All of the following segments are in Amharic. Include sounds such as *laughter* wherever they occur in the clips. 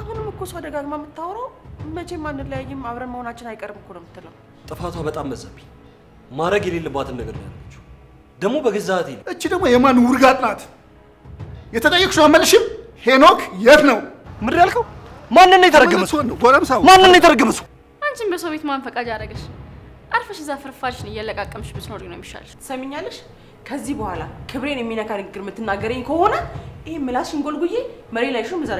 አሁንም እኮ ሰው ደጋግማ የምታወራው መቼም አንለያይም አብረን መሆናችን አይቀርም እኮ ነው የምትለው። ጥፋቷ በጣም በዛብኝ። ማድረግ የሌለባትን ነገር ነው ያለችው። ደግሞ በገዛ እህቴ እቺ ደግሞ የማን ውርጋጥ ናት? የተጠየቅሽው አመልሽም። ሄኖክ የት ነው ምድር ያልከው? ማንን ነው የተረገመሱ? ጎረምሳው ማንን ነው የተረገመሱ? አንቺም በሰው ቤት ማን ፈቃጅ አደረገሽ? አርፈሽ እዛ ፍርፋሽን እያለቃቀምሽ ብትኖሪ ነው የሚሻልሽ። ትሰሚኛለሽ? ከዚህ በኋላ ክብሬን የሚነካ ንግግር የምትናገረኝ ከሆነ ይህ ምላስሽን ጎልጉዬ መሬ ላይ ሹም እዛ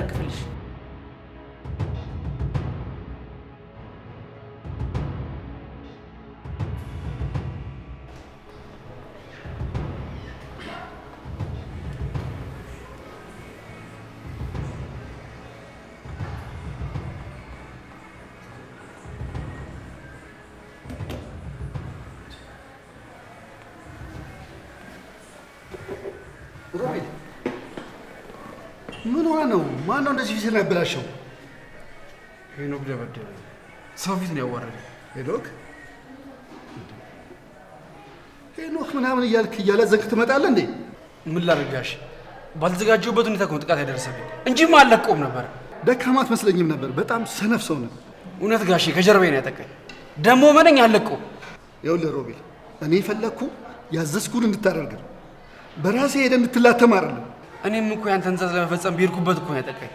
ማነው እንደዚህ ፊትን ያበላሸው? ሄኖክ ደበደበኝ። ሰው ፊት ነው ያዋረደ። ሄኖክ ሄኖክ ምናምን እያልክ ዘንክ ትመጣለህ እንዴ? ምን ላድርጋሽ፣ ባልተዘጋጀሁበት ሁኔታ ከሆነ ጥቃት ያደረሰብኝ እንጂ አልለቀውም ነበር። ደካማ አትመስለኝም ነበር። በጣም ሰነፍ ሰው ነው። እውነት ጋሼ፣ ከጀርባዬ ነው ያጠቃኝ። ደግሞ መነኝ አልለቀውም። ይኸውልህ ሮቤል፣ እኔ የፈለግኩ ያዘዝኩን እንድታደርግ ነው። በራሴ ሄደህ እንድትላተም አይደለም እኔም እኮ ያንተን ትዕዛዝ ለመፈጸም ቢርኩበት እኮ ያጠቃኝ።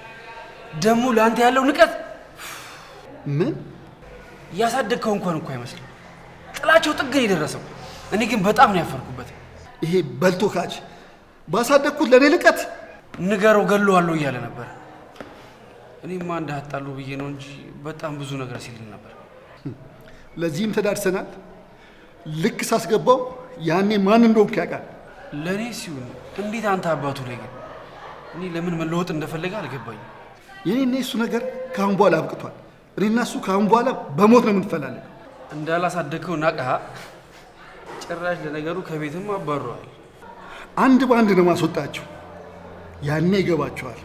ደግሞ ለአንተ ያለው ንቀት ምን ያሳደግከው እንኳን እኮ አይመስልም። ጥላቸው ጥግን ነው የደረሰው። እኔ ግን በጣም ነው ያፈርኩበት። ይሄ በልቶ ካች ባሳደግኩት ለእኔ ልቀት ንገረው ገለዋለሁ እያለ ነበር። እኔማ እንዳያጣለው ብዬ ነው እንጂ በጣም ብዙ ነገር ሲልል ነበር። ለዚህም ተዳርሰናል። ልክ ሳስገባው ያኔ ማን እንደሆንኩ ያውቃል። ለእኔ ሲሆን እንዴት አንተ አባቱ ላይ ግን እኔ ለምን መለወጥ እንደፈለገ አልገባኝም። የኔ እሱ ነገር ከአሁን በኋላ አብቅቷል። እኔና እሱ ከአሁን በኋላ በሞት ነው የምንፈላለን። እንዳላሳደግከው ናቀሃ። ጭራሽ ለነገሩ ከቤትም አባረዋል። አንድ በአንድ ነው ማስወጣቸው። ያኔ ይገባቸዋል።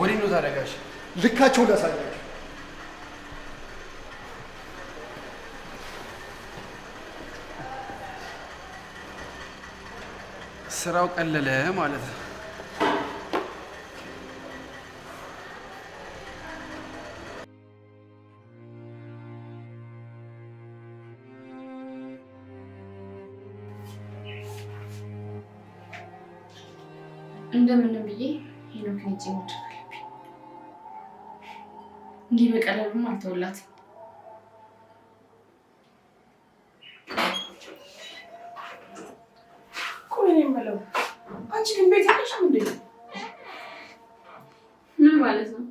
ወዴ ነው ታደጋሽ? ልካቸው ላሳያቸው። ስራው ቀለለ ማለት ነው። እንደምንም ብዬ ሄኖክን እጅ መድረግ አለብኝ። እንዲህ በቀለሉም አልተወላትም። ቆይ የምለው አንቺ ግን ቤት ያለሽ እንዴ? ምን ማለት ነው?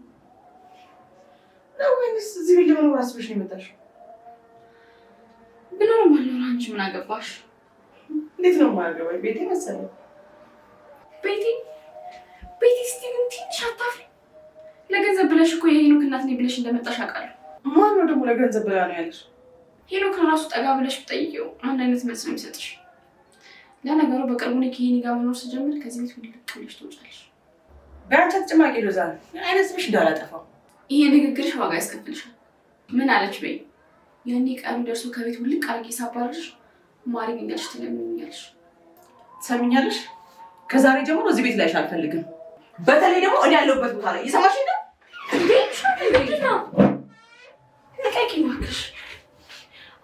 ወይንስ እዚህ ቤት ለመኖር አስበሽ ነው የመጣሽው? ብኖር ማኖር አንቺ ምን አገባሽ? እንዴት ነው የማያገባኝ? ቤቴ መሰለኝ ቤቴ ቤቲ ስቲቭን ትንሽ አታፍሪ። ለገንዘብ ብለሽ እኮ የሄኖክ እናት ነኝ ብለሽ እንደመጣሽ አውቃለሁ። ማን ነው ደግሞ ለገንዘብ ብላ ነው ያለሽ? ሄኖክ ራሱ ጠጋ ብለሽ ብጠይቂው አንድ አይነት መልስ ነው የሚሰጥሽ። ለነገሩ በቅርቡ እኔ ከሄኒ ጋር መኖር ስጀምር ከዚህ ቤት ሁሉ ልክ ትወጫለሽ። በአንቺ ተጨማቂ ሎዛ አይነት ስምሽ እንዳላጠፋው ይሄ ንግግርሽ ዋጋ ያስከፍልሻል። ምን አለች በይ። ያኔ ቀኑ ደርሶ ከቤት ውልቅ አርጌ ከዛሬ ጀምሮ እዚህ ቤት ላይሽ አልፈልግም። በተለይ ደግሞ እኔ ያለሁበት ቦታ ላይ እየሰማሽ ነው።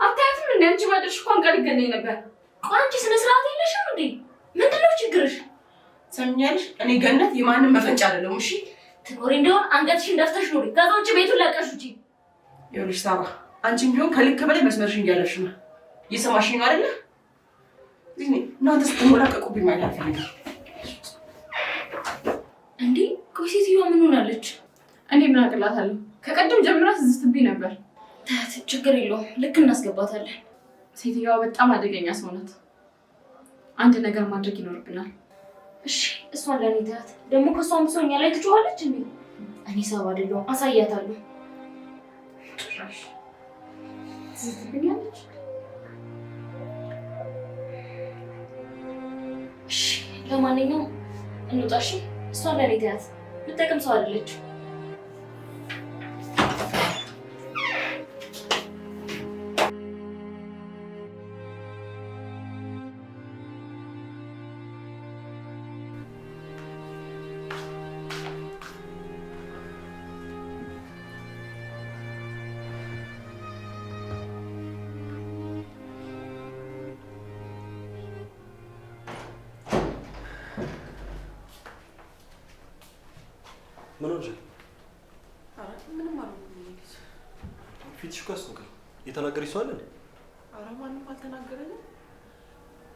አታያትም? እንደ አንቺ ባደርሽ እንኳን ቀልገለኝ ነበር። አንቺ ስነ ስርዓት የለሽም እንዴ? ምንድን ነው ችግርሽ? ሰሚኛለሽ? እኔ ገነት የማንም መፈንጫ አይደለሁም። እሺ ትኖሪ እንደሆን አንገትሽን ደፍተሽ ኖሪ። ከዛ ውጭ ቤቱን ለቀሽ ውጪ። ይኸውልሽ ሳባ፣ አንቺም ቢሆን ከልክ በላይ መስመርሽን እያለፍሽ ነው። እየሰማሽኝ ነው አይደለ? እናንተ ስትሞላቀቁብኝ ማለት አልፈልግም ቆይ ሴትዮዋ ምን ሆናለች? እኔ ምን አቅላታለሁ? ከቀደም ጀምራ ስትዝትብኝ ነበር። ታት ችግር የለውም ልክ እናስገባታለን። ሴትዮዋ በጣም አደገኛ ሰው ናት። አንድ ነገር ማድረግ ይኖርብናል። እሺ እሷን ለኔ ተያት። ደግሞ ከእሷም ሰው እኛ ላይ ትጮዋለች እንዴ? እኔ ሰው አይደለሁም፣ አሳያታለሁ። እሺ ለማንኛውም እንውጣ። እሺ እሷን ለኔ ተያት። የምጠቅም ሰው አይደለችም። ፊትሽ እኮ ያስታውቃል። የተናገረች ሰው አለ? ኧረ ማንም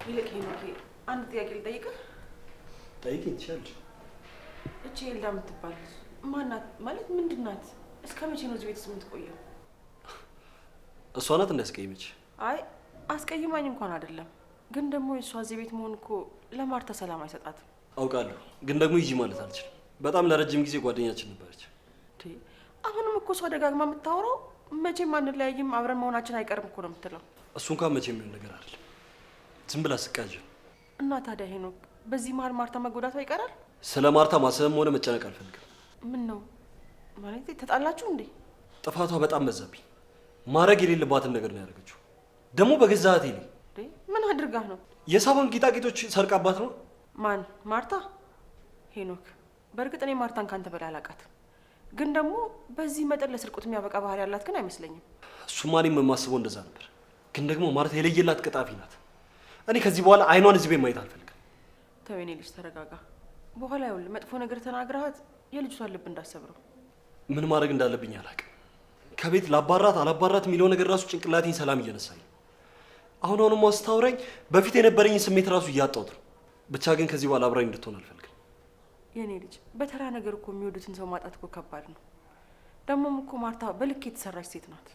ይልቅ ሄኖኬ አንድ ጥያቄ ልጠይቅህ። ጠይቅ ትችላለች። እቺ ኤልዳ የምትባል ማናት? ማለት ምንድናት? እስከ መቼ ነው እዚህ ቤት ውስጥ የምትቆየው? እሷ ናት እንዳያስቀይመች። አይ አስቀይማኝ እንኳን አይደለም፣ ግን ደግሞ የእሷ እዚህ ቤት መሆን እኮ ለማርታ ሰላም አይሰጣትም። አውቃለሁ፣ ግን ደግሞ ይጂ ማለት አልችልም። በጣም ለረጅም ጊዜ ጓደኛችን ነበረች። አሁንም እኮ እሷ ደጋግማ የምታወራው መቼም አንለያይም፣ አብረን መሆናችን አይቀርም እኮ ነው የምትለው። እሱ እንኳን መቼም የሚሆን ነገር አይደለም። ዝም ብላ ስቃጅ እና ታዲያ ሄኖክ፣ በዚህ መሀል ማርታ መጎዳቷ ይቀራል? ስለ ማርታ ማሰብም ሆነ መጨነቅ አልፈልግም። ምን ነው ማለት ተጣላችሁ እንዴ? ጥፋቷ በጣም መዛብኝ። ማድረግ የሌለባትን ነገር ነው ያደረገችው። ደግሞ በገዛት ይል ምን አድርጋ ነው? የሳባን ጌጣጌጦች ሰርቃባት ነው። ማን ማርታ? ሄኖክ፣ በእርግጥ እኔ ማርታን ካንተ በላይ አላውቃትም ግን ደግሞ በዚህ መጠን ለስርቆት የሚያበቃ ባህሪ ያላት ግን አይመስለኝም። እሱማ እኔም የማስበው እንደዛ ነበር። ግን ደግሞ ማለት የለየላት ቅጣፊ ናት። እኔ ከዚህ በኋላ አይኗን እዚህ ቤት ማየት አልፈልግም። ተው የኔ ልጅ ተረጋጋ። በኋላ ይኸውልህ መጥፎ ነገር ተናግረሃት የልጅቷን ልብ እንዳሰብረው ምን ማድረግ እንዳለብኝ አላውቅም። ከቤት ላባራት አላባራት የሚለው ነገር ራሱ ጭንቅላቴን ሰላም እየነሳኝ አሁን አሁንማ አስታውረኝ በፊት የነበረኝ ስሜት ራሱ እያጣሁት ነው። ብቻ ግን ከዚህ በኋላ አብራኝ እንድትሆን አልፈልግም። የኔ ልጅ በተራ ነገር እኮ የሚወዱትን ሰው ማጣት እኮ ከባድ ነው። ደግሞም እኮ ማርታ በልክ የተሰራች ሴት ናት።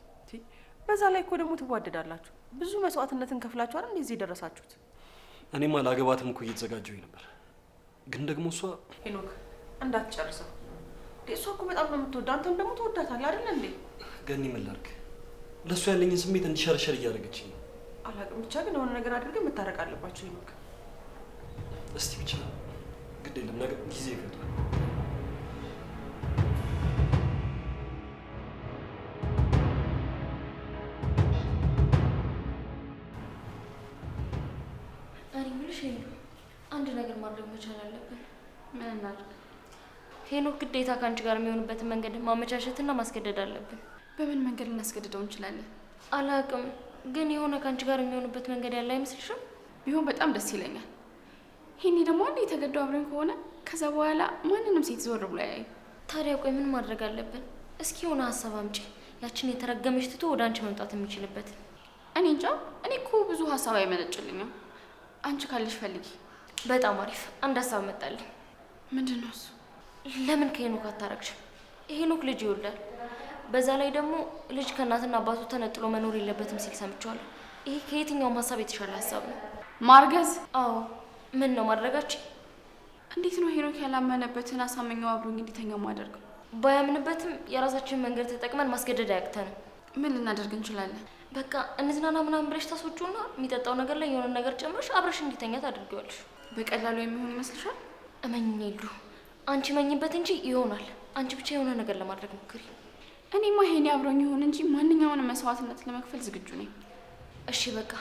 በዛ ላይ እኮ ደግሞ ትዋደዳላችሁ። ብዙ መስዋዕትነትን ከፍላችኋል እንዴ እዚህ የደረሳችሁት? እኔማ ላገባትም እኮ እየተዘጋጀሁኝ ነበር፣ ግን ደግሞ እሷ ሄኖክ እንዳትጨርሰው እሷ እኮ በጣም ነው የምትወዳ፣ አንተም ደግሞ ትወዳታል አይደል እንዴ? ገኒ ምን ላድርግ? ለእሷ ያለኝን ስሜት እንዲሸረሸር እያደረገች ነው። አላቅም ብቻ ግን የሆነ ነገር አድርገ መታረቅ አለባቸው ሄኖክ። እስቲ ብቻ ግድ ነገ ጊዜ ይፈቷል። እኔ የምልሽ አንድ ነገር ማድረግ መቻል አለብን። ምን እናድርግ? ሄኖክ ግዴታ ከአንቺ ጋር የሚሆንበትን መንገድ ማመቻቸትና ማስገደድ አለብን። በምን መንገድ ልናስገድደው እንችላለን? አላውቅም፣ ግን የሆነ ከአንቺ ጋር የሚሆንበት መንገድ ያለ አይመስልሽም? ቢሆን በጣም ደስ ይለኛል። ይሄኔ ደግሞ አንድ የተገደው አብረን ከሆነ ከዛ በኋላ ማንንም ሴት ዞር ብሎ ያዩ። ታዲያ ቆይ ምን ማድረግ አለብን? እስኪ የሆነ ሀሳብ አምጪ። ያችን የተረገመች ትቶ ወደ አንቺ መምጣት የሚችልበት። እኔ እንጃ። እኔ እኮ ብዙ ሀሳብ አይመነጭልኝም። አንቺ ካለሽ ፈልጊ። በጣም አሪፍ አንድ ሀሳብ መጣልኝ። ምንድን ነው እሱ? ለምን ከሄኖክ አታረግሽ? ሄኖክ ልጅ ይወልዳል። በዛ ላይ ደግሞ ልጅ ከእናትና አባቱ ተነጥሎ መኖር የለበትም ሲል ሰምቼዋለሁ። ይሄ ከየትኛውም ሀሳብ የተሻለ ሀሳብ ነው። ማርገዝ? አዎ ምን ነው ማድረጋችን? እንዴት ነው ሄኖክ ያላመነበትን አሳመኛው አብሮኝ እንዲተኛ ማደርገው? ባያምንበትም የራሳችንን መንገድ ተጠቅመን ማስገደድ አያቅተንም። ምን ልናደርግ እንችላለን? በቃ እንዝናና ምናምን ብለሽ ታስወጪውና የሚጠጣው ነገር ላይ የሆነ ነገር ጨምረሽ አብረሽ እንዲተኛ ታደርጊዋለሽ። በቀላሉ የሚሆን ይመስልሻል? እመኝ ሉ አንቺ መኝበት እንጂ ይሆናል። አንቺ ብቻ የሆነ ነገር ለማድረግ ሞክሪ። እኔማ ሄኔ አብሮኝ ይሆን እንጂ ማንኛውን መስዋዕትነት ለመክፈል ዝግጁ ነኝ። እሺ በቃ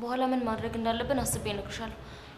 በኋላ ምን ማድረግ እንዳለብን አስቤ እነግርሻለሁ።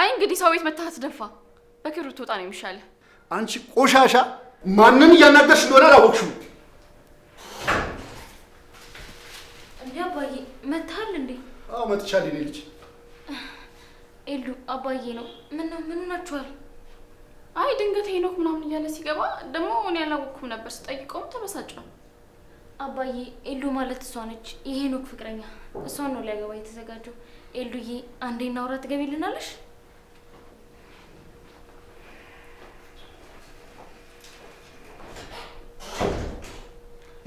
አይ እንግዲህ ሰው ቤት መታ አትደፋ። በክብር ብትወጣ ነው የሚሻልህ። አንቺ ቆሻሻ! ማንን እያናገርሽ እንደሆነ አላወቅሽም። አባዬ መታል እንዴ? አዎ መጥቻለሁ። እኔ ልጅ ኤሉ አባዬ ነው። ምን ነው ምን ሆናችኋል? አይ ድንገት ሄኖክ ምናምን እያለ ሲገባ ደግሞ እኔ ያላወቅኩም ነበር። ስጠይቀውም ተበሳጭ ነው። አባዬ ኤሉ ማለት እሷ ነች የሄኖክ ፍቅረኛ። እሷን ነው ሊያገባ የተዘጋጀው። ኤሉዬ አንዴ እናውራ፣ ትገቢልናለሽ?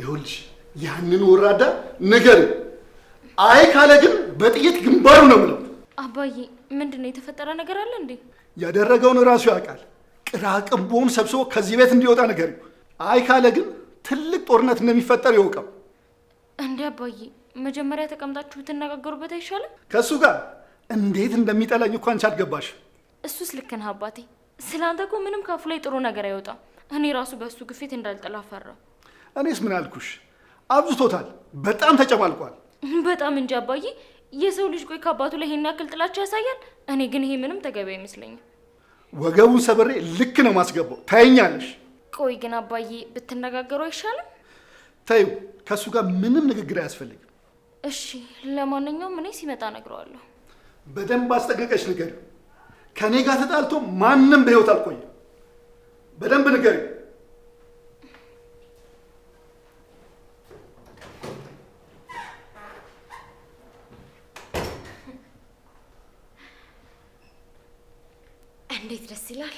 ይኸውልሽ ያንን ወራዳ ነገር አይ ካለ ግን በጥይት ግንባሩ ነው የምለው። አባዬ ምንድን ነው የተፈጠረ ነገር አለ እንዴ? ያደረገውን ራሱ ያውቃል። ቅራቅቦውን ሰብስቦ ከዚህ ቤት እንዲወጣ ነገር አይ ካለ ግን ትልቅ ጦርነት እንደሚፈጠር ይወቀው። እንዴ አባዬ መጀመሪያ ተቀምጣችሁ ትነጋገሩበት አይሻልም? ከእሱ ጋር እንዴት እንደሚጠላኝ እኮ አንቺ አልገባሽ። እሱስ ልክ ነህ አባቴ። ስለ አንተ እኮ ምንም ካፉ ላይ ጥሩ ነገር አይወጣም። እኔ ራሱ በእሱ ግፊት እንዳልጠላ ፈራው። እኔስ ምን አልኩሽ? አብዝቶታል። በጣም ተጨማልቋል። *laughs* በጣም እንጂ አባዬ፣ የሰው ልጅ ቆይ ከአባቱ ላይ ይሄን ያክል ጥላቸው ያሳያል? እኔ ግን ይሄ ምንም ተገቢ አይመስለኝም። ወገቡን ሰብሬ ልክ ነው ማስገባው። ታየኛለሽ። ቆይ ግን አባዬ ብትነጋገሩ አይሻልም? ተይው፣ ከእሱ ጋር ምንም ንግግር አያስፈልግም። እሺ፣ ለማንኛውም እኔ ሲመጣ ነግረዋለሁ። በደንብ አስጠንቀቀሽ ንገሪው። ከእኔ ጋር ተጣልቶ ማንም በህይወት አልቆየም። በደንብ ንገሪው። ይላል።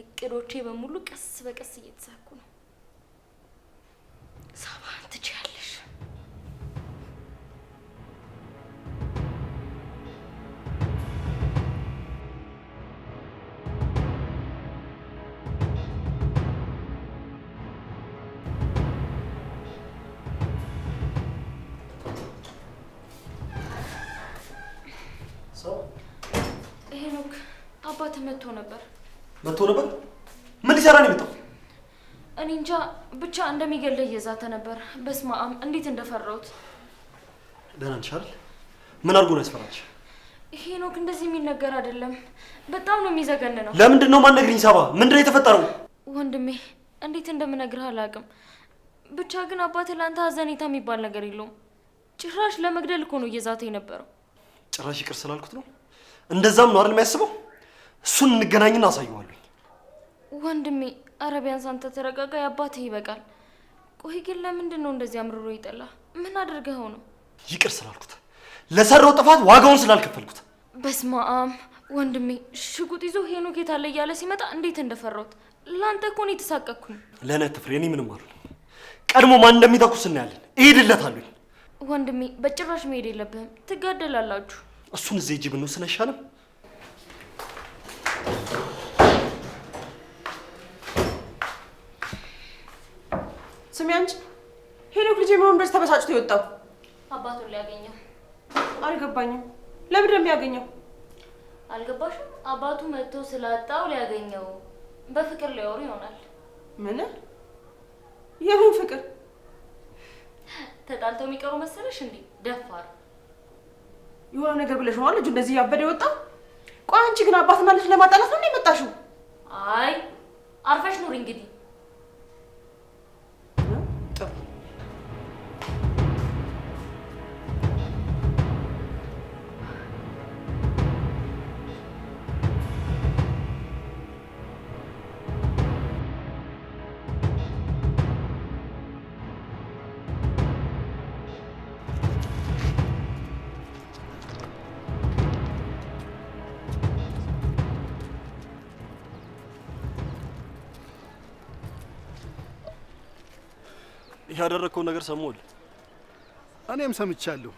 እቅዶቼ በሙሉ ቀስ በቀስ እየተሳኩ ነው። አባት መጥቶ ነበር። መጥቶ ነበር? ምን ሊሰራ ነው የመጣው? እኔ እንጃ ብቻ እንደሚገለ እየዛተ ነበር። በስመ አብ እንዴት እንደፈራሁት። ደህና ነሽ አይደል? ምን አድርጎ ነው ያስፈራች? ሄኖክ እንደዚህ የሚነገር አይደለም። በጣም ነው የሚዘገን ነው። ለምንድን ነው ማነግሪኝ? ሳባ ምንድን የተፈጠረው? ወንድሜ እንዴት እንደምነግርህ አላውቅም። ብቻ ግን አባት ለአንተ ሀዘኔታ የሚባል ነገር የለውም። ጭራሽ ለመግደል እኮ ነው እየዛተ የነበረው። ጭራሽ ይቅር ስላልኩት ነው። እንደዛም ነው አይደል የሚያስበው እሱን እንገናኝና አሳየዋለኝ። ወንድሜ አረቢያን ሳንተ አንተ ተረጋጋ፣ ያባትህ ይበቃል። ቆይ ግን ለምንድን ነው እንደዚህ አምርሮ ይጠላ? ምን አድርገኸው ነው? ይቅር ስላልኩት ለሰራው ጥፋት ዋጋውን ስላልከፈልኩት። በስመ አብ ወንድሜ፣ ሽጉጥ ይዞ ሄኖክ የት አለ እያለ ሲመጣ እንዴት እንደፈራሁት። ለአንተ እኮ እኔ የተሳቀቅኩኝ። ለእኔ አትፍሪ፣ እኔ ምንም አሉ። ቀድሞ ማን እንደሚተኩስ እናያለን። እሄድለት አሉኝ። ወንድሜ፣ በጭራሽ መሄድ የለብህም ትጋደላላችሁ። እሱን እዚህ ጅብ እንውስን አይሻልም? ስሚ አንቺ ሄዶክ ልጄ መሆን ተበሳጭቶ የወጣው አባቱን ሊያገኘው አልገባኝም። ለምን ነው የሚያገኘው? አልገባሽም? አባቱ መጥቶ ስላጣው ሊያገኘው በፍቅር ሊያወሩ ይሆናል። ምን? የምን ፍቅር? ተጣልተው የሚቀሩ መሰለሽ? እንዲ ደፋር የሆነ ነገር ብለሽ ሆኗል። ልጁ እንደዚህ ያበደ የወጣው ቆይ፣ አንቺ ግን አባትና ልጅ ለማጣላት ነው የመጣሽው? አይ አርፈሽ ኑሪ እንግዲህ ያደረግከው ነገር ሰሞል እኔም ሰምቻለሁ።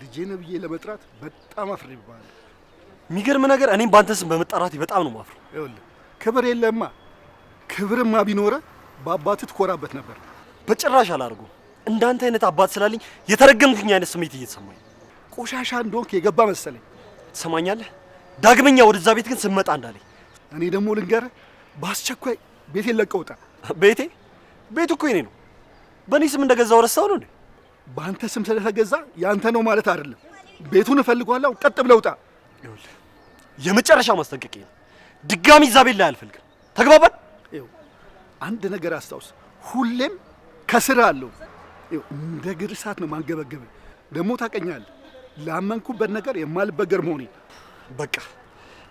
ልጄ ነው ብዬ ለመጥራት በጣም አፍሬ ይባላል። የሚገርም ነገር እኔም በአንተ ስም በመጣራቴ በጣም ነው ማፍረው። ይኸውልህ ክብር የለማ ክብርማ ቢኖረ በአባትህ ትኮራበት ነበር። በጭራሽ አላርጉ። እንዳንተ አይነት አባት ስላለኝ የተረገምኩኝ አይነት ስሜት እየተሰማኝ ቆሻሻ እንደሆንክ የገባ መሰለኝ። ትሰማኛለህ? ዳግመኛ ወደዛ ቤት ግን ስመጣ እንዳለኝ። እኔ ደግሞ ልንገርህ፣ በአስቸኳይ ቤቴን ለቀውጣ። ቤቴ ቤቱ እኮ የኔ ነው። በእኔ ስም እንደገዛው ረሳው ነው እንዴ? በአንተ ስም ስለተገዛ ያንተ ነው ማለት አይደለም። ቤቱን እፈልጓለሁ። ቀጥ ብለህ ውጣ። የመጨረሻ ማስጠንቀቂያ ነው። ድጋሚ ዛቤል ቤት ላይ አልፈልግም። ተግባባል? አንድ ነገር አስታውስ፣ ሁሌም ከስር አለው። እንደ ግር እሳት ነው ማንገበገብህ። ደግሞ ታቀኛለህ። ላመንኩበት ነገር የማልበገር መሆኔ በቃ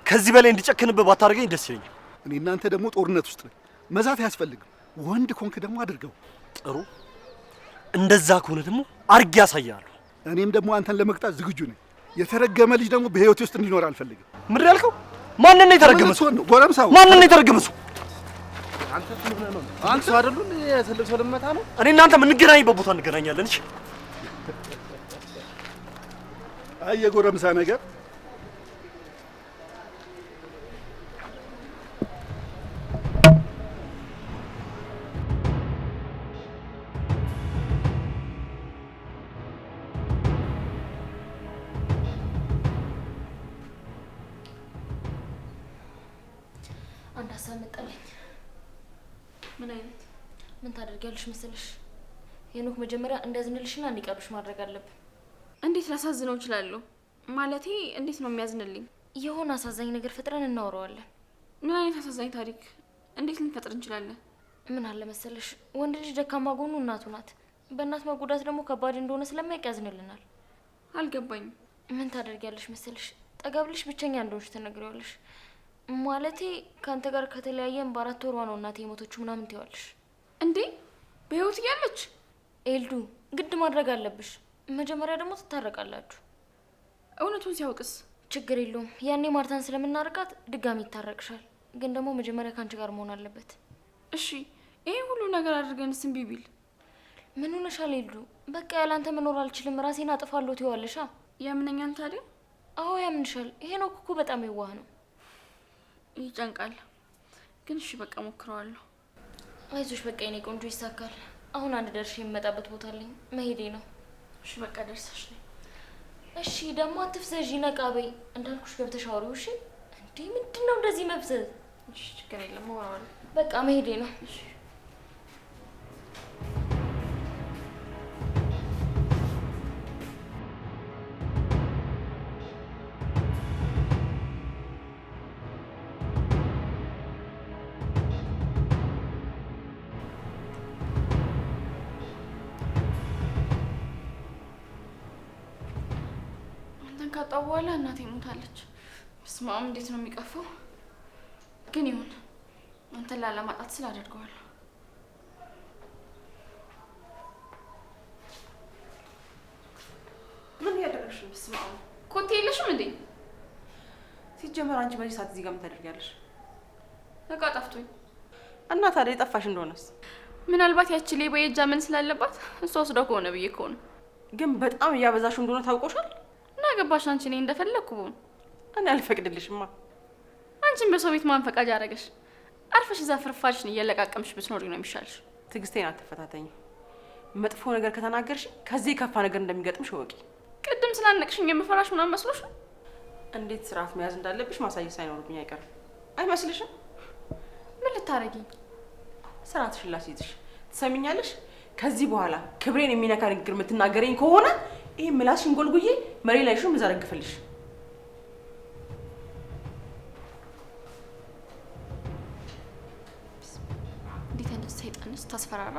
ከዚህ በላይ እንዲጨክንብህ ባታደርገኝ ደስ ይለኛል። እኔ እናንተ ደግሞ ጦርነት ውስጥ ነን። መዛት አያስፈልግም። ወንድ ኮንክ ደግሞ አድርገው ጥሩ። እንደዛ ከሆነ ደግሞ አርግ ያሳያለሁ። እኔም ደግሞ አንተን ለመቅጣት ዝግጁ ነኝ። የተረገመ ልጅ ደግሞ በህይወቴ ውስጥ እንዲኖር አልፈልግም። ምንድን ያልከው? ማንን ነው የተረገመ ሰው? ጎረምሳው ማንን ነው የተረገመ ሰው? አንተ ሰው አይደሉ? ትልቅ ሰው ልመታ ነው። እኔ እናንተ የምንገናኝበት ቦታ እንገናኛለን። እሺ። አይ የጎረምሳ ነገር ሄኖክ መጀመሪያ እንዲያዝንልሽና እንዲቀርብሽ ማድረግ አለብን። እንዴት ላሳዝነው እችላለሁ? ማለቴ እንዴት ነው የሚያዝንልኝ? የሆነ አሳዛኝ ነገር ፈጥረን እናወረዋለን ምን አይነት አሳዛኝ ታሪክ እንዴት ልንፈጥር እንችላለን? ምን አለ መሰለሽ፣ ወንድ ልጅ ደካማ ጎኑ እናቱ ናት። በእናት መጎዳት ደግሞ ከባድ እንደሆነ ስለማያውቅ ያዝንልናል። አልገባኝም። ምን ታደርጊያለሽ መሰለሽ፣ ጠጋ ብቸኛ እንደሆንሽ ትነግሪዋለሽ። ማለቴ ከአንተ ጋር ከተለያየን በአራት ወሯ ነው እናቴ የሞቶቹ ምናምን ትይዋለሽ። እንዴ በህይወት እያለች ኤልዱ ግድ ማድረግ አለብሽ። መጀመሪያ ደግሞ ትታረቃላችሁ። እውነቱን ሲያውቅስ ችግር የለውም። ያኔ ማርታን ስለምናርቃት ድጋሚ ይታረቅሻል። ግን ደግሞ መጀመሪያ ከአንቺ ጋር መሆን አለበት። እሺ፣ ይሄ ሁሉ ነገር አድርገን ስም ቢል ምን ሆነሻል ኤልዱ? በቃ ያላንተ መኖር አልችልም፣ ራሴን አጥፋለሁ ትይዋለሻ። ያምነኛል ታዲያ? አዎ ያምንሻል። ነው እኮ በጣም የዋህ ነው። ይጨንቃል ግን እሺ፣ በቃ ሞክረዋለሁ። አይዞሽ፣ በቃ የኔ ቆንጆ ይሳካል። አሁን አንድ ደርሽ የሚመጣበት ቦታ አለኝ፣ መሄዴ ነው። እሺ በቃ ደርሰሽ ነኝ። እሺ ደግሞ አትፍዘዥ፣ ነቃ በይ። እንዳልኩሽ ገብተሽ አውሪው። እሺ እንዴ ምንድን ነው እንደዚህ መፍዘዝ? እሺ ችግር የለም። በቃ መሄዴ ነው። ካጣው በኋላ እናቴ ሞታለች። በስመ እንዴት ነው የሚቀፈው? ግን ይሁን አንተን ላለማጣት ስል አደርገዋለሁ። ምን እያደረግሽ ነው? በስመ አብ ኮቴ የለሽም እንዴ? ሲጀመር አንቺ መቼ ሰዓት እዚህ ጋር ምን ታደርጊያለሽ? እቃ ጠፍቶኝ እና ታዲያ የጠፋሽ እንደሆነስ ምናልባት ያቺ ሌባ የእጅ ምን ስላለባት እሷ ወስደው ከሆነ ብዬ ከሆነ ግን በጣም እያበዛሽው እንደሆነ ታውቆሻል። አገባሽ አንቺ? እኔ እንደፈለግኩ ብሆን እኔ አልፈቅድልሽማ። አንቺን በሰው ቤት ማን ፈቃጅ አደረገሽ? አርፈሽ እዛ ፍርፋልሽን እየለቃቀምሽ ብትኖሪ ነው የሚሻልሽ። ትግስቴን አትፈታተኝ። መጥፎ ነገር ከተናገርሽ ከዚህ የከፋ ነገር እንደሚገጥምሽ እወቂ። ቅድም ስላነቅሽኝ የምፈራሽ ምናምን መስሎሽ? እንዴት ስርዓት መያዝ እንዳለብሽ ማሳየት ሳይኖርብኝ አይቀርም። አይመስልሽም? ምን ልታረጊ ስርዓትሽን ላስይዝሽ። ትሰሚኛለሽ? ከዚህ በኋላ ክብሬን የሚነካ ንግግር የምትናገረኝ ከሆነ ይሄ ምላስሽን ጎልጉዬ መሬ ላይ ሹም ዘረግፈልሽ። እንዴት አይነት ሰይጣንስ ታስፈራራ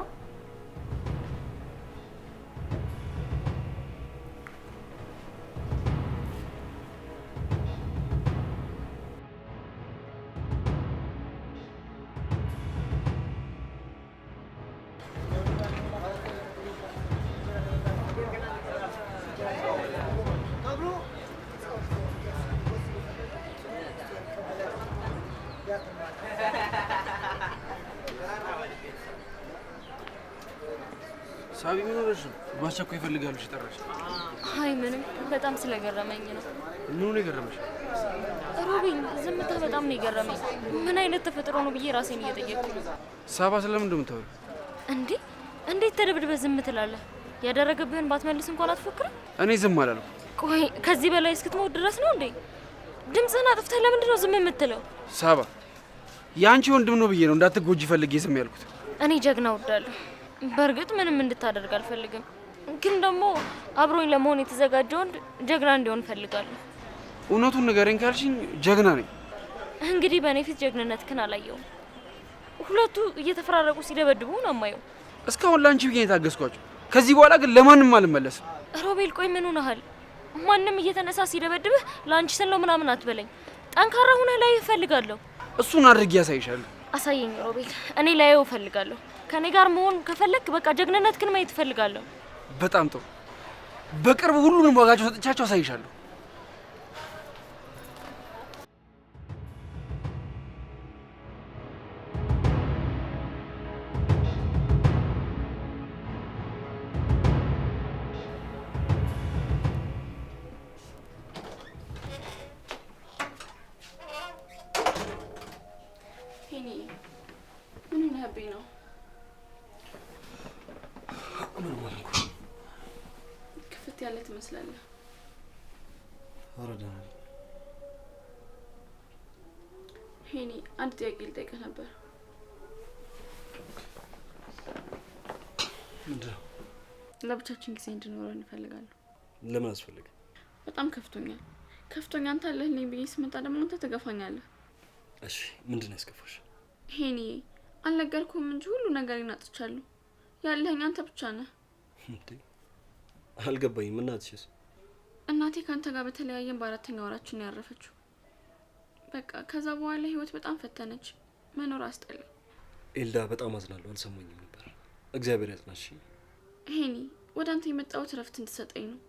ሳቢ ምን ሆነሽ ነው? ባስቸኳይ እፈልጋለሁ ሲጠራሽ። አይ ምንም፣ በጣም ስለገረመኝ ነው። ምኑ ነው የገረመሽ? ሮቢን፣ ዝምታ በጣም ነው የገረመኝ። ምን አይነት ተፈጥሮ ነው ብዬ ራሴን እየጠየቅኩ ነው። ሳባ፣ ስለምን እንደምታወሪ እንዴ? እንዴት ተደብድበህ ዝም ትላለህ? ያደረገብህን ባትመልስ እንኳን አትፎክርም? እኔ ዝም አላልኩ። ቆይ ከዚህ በላይ እስክትሞት ድረስ ነው እንዴ? ድምፅህን አጥፍተህ ለምንድን ነው ዝም የምትለው? ሳባ፣ የአንቺ ወንድም ነው ብዬ ነው እንዳትጎጂ ፈልጌ ዝም ያልኩት። እኔ ጀግና ወዳለሁ? በእርግጥ ምንም እንድታደርግ አልፈልግም፣ ግን ደግሞ አብሮኝ ለመሆን የተዘጋጀ ወንድ ጀግና እንዲሆን እፈልጋለሁ። እውነቱን ንገረኝ ካልሽኝ ጀግና ነኝ። እንግዲህ በእኔ ፊት ጀግንነት ክን አላየውም። ሁለቱ እየተፈራረቁ ሲደበድቡ ነው የማየው። እስካሁን ለአንቺ ብዬ የታገስኳቸው፣ ከዚህ በኋላ ግን ለማንም አልመለስም። ሮቤል ቆይ ምን ሆነሃል? ማንም እየተነሳ ሲደበድብህ ለአንቺ ስል ነው ምናምን አትበለኝ። ጠንካራ ሁነህ ላይ እፈልጋለሁ። እሱን አድርጌ ያሳይሻለሁ። አሳየኝ ሮቤል፣ እኔ ላየው እፈልጋለሁ። ከኔ ጋር መሆን ከፈለክ በቃ ጀግንነት ግን ማየት እፈልጋለሁ። በጣም ጥሩ። በቅርብ ሁሉንም ዋጋቸው ሰጥቻቸው አሳይሻለሁ። ምን ነው ምን ሆንኩ? ክፍት ያለ ትመስላለህ። አረዳ ሄኒ፣ አንድ ጥያቄ ልጠይቅህ ነበር። ምንድነው? ለብቻችን ጊዜ እንድኖረን እንፈልጋለሁ። ለምን አስፈልግ? በጣም ከፍቶኛል። ከፍቶኛ አንተ አለህልኝ ብዬ ስመጣ ደግሞ አንተ ትገፋኛለህ። እሺ፣ ምንድን ነው ያስከፋሽ? ሄኒ፣ አልነገርኩም እንጂ ሁሉ ነገር ይናጥቻለሁ ያለኝ አንተ ብቻ ነህ። አልገባኝም። እናትሽስ? እናቴ ከአንተ ጋር በተለያየን በአራተኛ ወራችን ነው ያረፈችው። በቃ ከዛ በኋላ ህይወት በጣም ፈተነች። መኖር አስጠለ ኤልዳ፣ በጣም አዝናለሁ። አልሰማኝም ነበር። እግዚአብሔር ያጽናሽ። ሄኒ፣ ወደ አንተ የመጣሁት እረፍት እንድሰጠኝ ነው።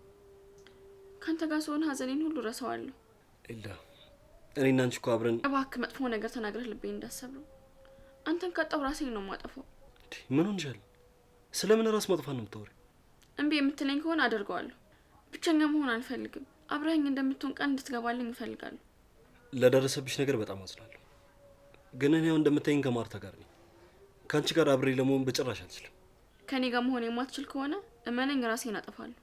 ከአንተ ጋር ስሆን ሀዘኔን ሁሉ ረሰዋለሁ። ኤልዳ፣ እኔ እና አንቺ እኮ አብረን። እባክህ መጥፎ ነገር ተናግረህ ልቤ እንዳሰብለው። አንተን ካጣሁ ራሴን ነው የማጠፋው። ምን ሆንሻል? ስለምን ራስ ማጥፋት ነው የምታወሪው? እምቢ የምትለኝ ከሆነ አደርገዋለሁ። ብቸኛ መሆን አልፈልግም። አብረኸኝ እንደምትሆን ቀን እንድትገባልኝ እፈልጋለሁ። ለደረሰብሽ ነገር በጣም አዝናለሁ፣ ግን እኔ ያው እንደምታይኝ ከማርታ ጋር ነኝ። ከአንቺ ጋር አብሬ ለመሆን በጭራሽ አልችልም። ከኔ ጋር መሆን የማትችል ከሆነ እመነኝ፣ ራሴን አጠፋለሁ።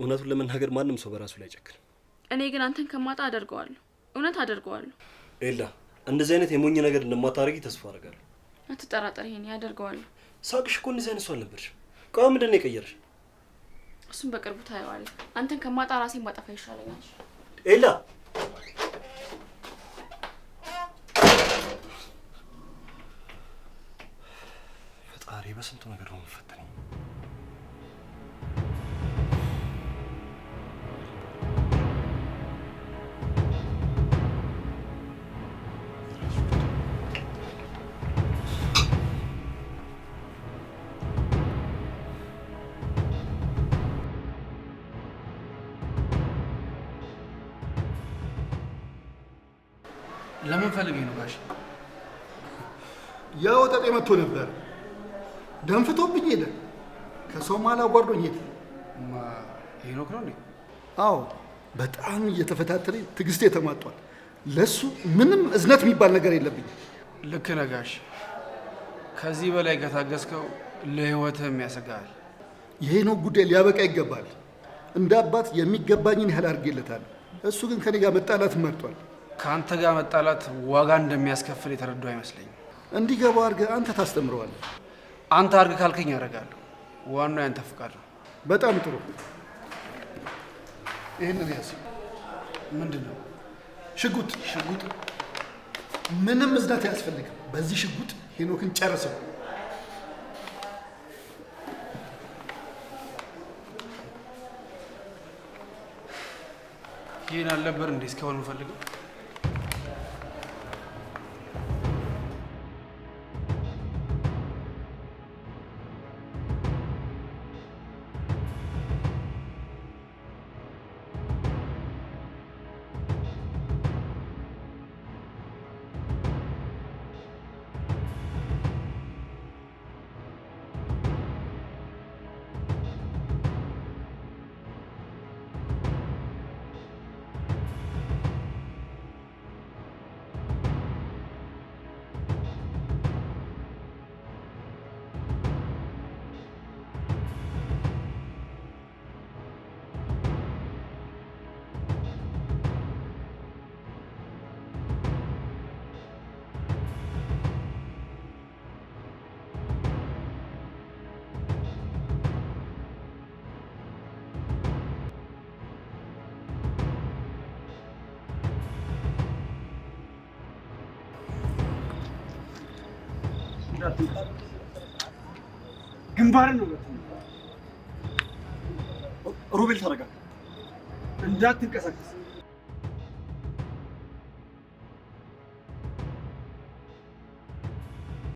እውነቱን ለመናገር ማንም ሰው በራሱ ላይ ጨክንም። እኔ ግን አንተን ከማጣ አደርገዋለሁ። እውነት አደርገዋለሁ። ኤላ፣ እንደዚህ አይነት የሞኝ ነገር እንደማታደርጊ ተስፋ አደርጋለሁ። አትጠራጠር፣ ይሄን ያደርገዋል። ሳቅሽ እኮ እንደዚህ አይነት ነበር። አልነበርሽም። ቀዋ ምንድን ነው የቀየረሽ? እሱም በቅርቡ ታየዋለህ። አንተን ከማጣ ራሴን ባጠፋ ይሻለኛል። ኤላ ፈጣሪ በስንቱ ነገር ነው የምፈተነኝ። ፈልጌ ነው ጋሽ። ያ ወጠጤ መጥቶ ነበር፣ ደንፍቶብኝ ሄደ። ከሶማሊያ ጓርዶኝ ሄደ። ሄኖክ ነው እንዴ? አዎ፣ በጣም እየተፈታተለኝ ትዕግስቴ ተሟጧል። ለሱ ምንም እዝነት የሚባል ነገር የለብኝ። ልክ ነህ ጋሽ። ከዚህ በላይ ከታገስከው ለህይወትህም ያሰጋል። የሄኖክ ጉዳይ ሊያበቃ ይገባል። እንደ አባት የሚገባኝን ያህል አድርጌለታል። እሱ ግን ከኔ ጋር መጣላት መርጧል። ከአንተ ጋር መጣላት ዋጋ እንደሚያስከፍል የተረዳው አይመስለኝም። እንዲገባ አድርገህ አንተ ታስተምረዋለህ። አንተ አድርግ ካልከኝ ያደርጋለሁ። ዋናው ያንተ ፈቃድ ነው። በጣም ጥሩ። ይህን ያስ ምንድን ነው? ሽጉጥ። ሽጉጥ ምንም እዝናት አያስፈልግም። በዚህ ሽጉጥ ሄኖክን ጨርሰው። ይህን አልነበር እንዴ እስካሁን እንፈልገው ግንባር ነው። ሮቤል ተረጋ፣ እንዳትንቀሳቀስ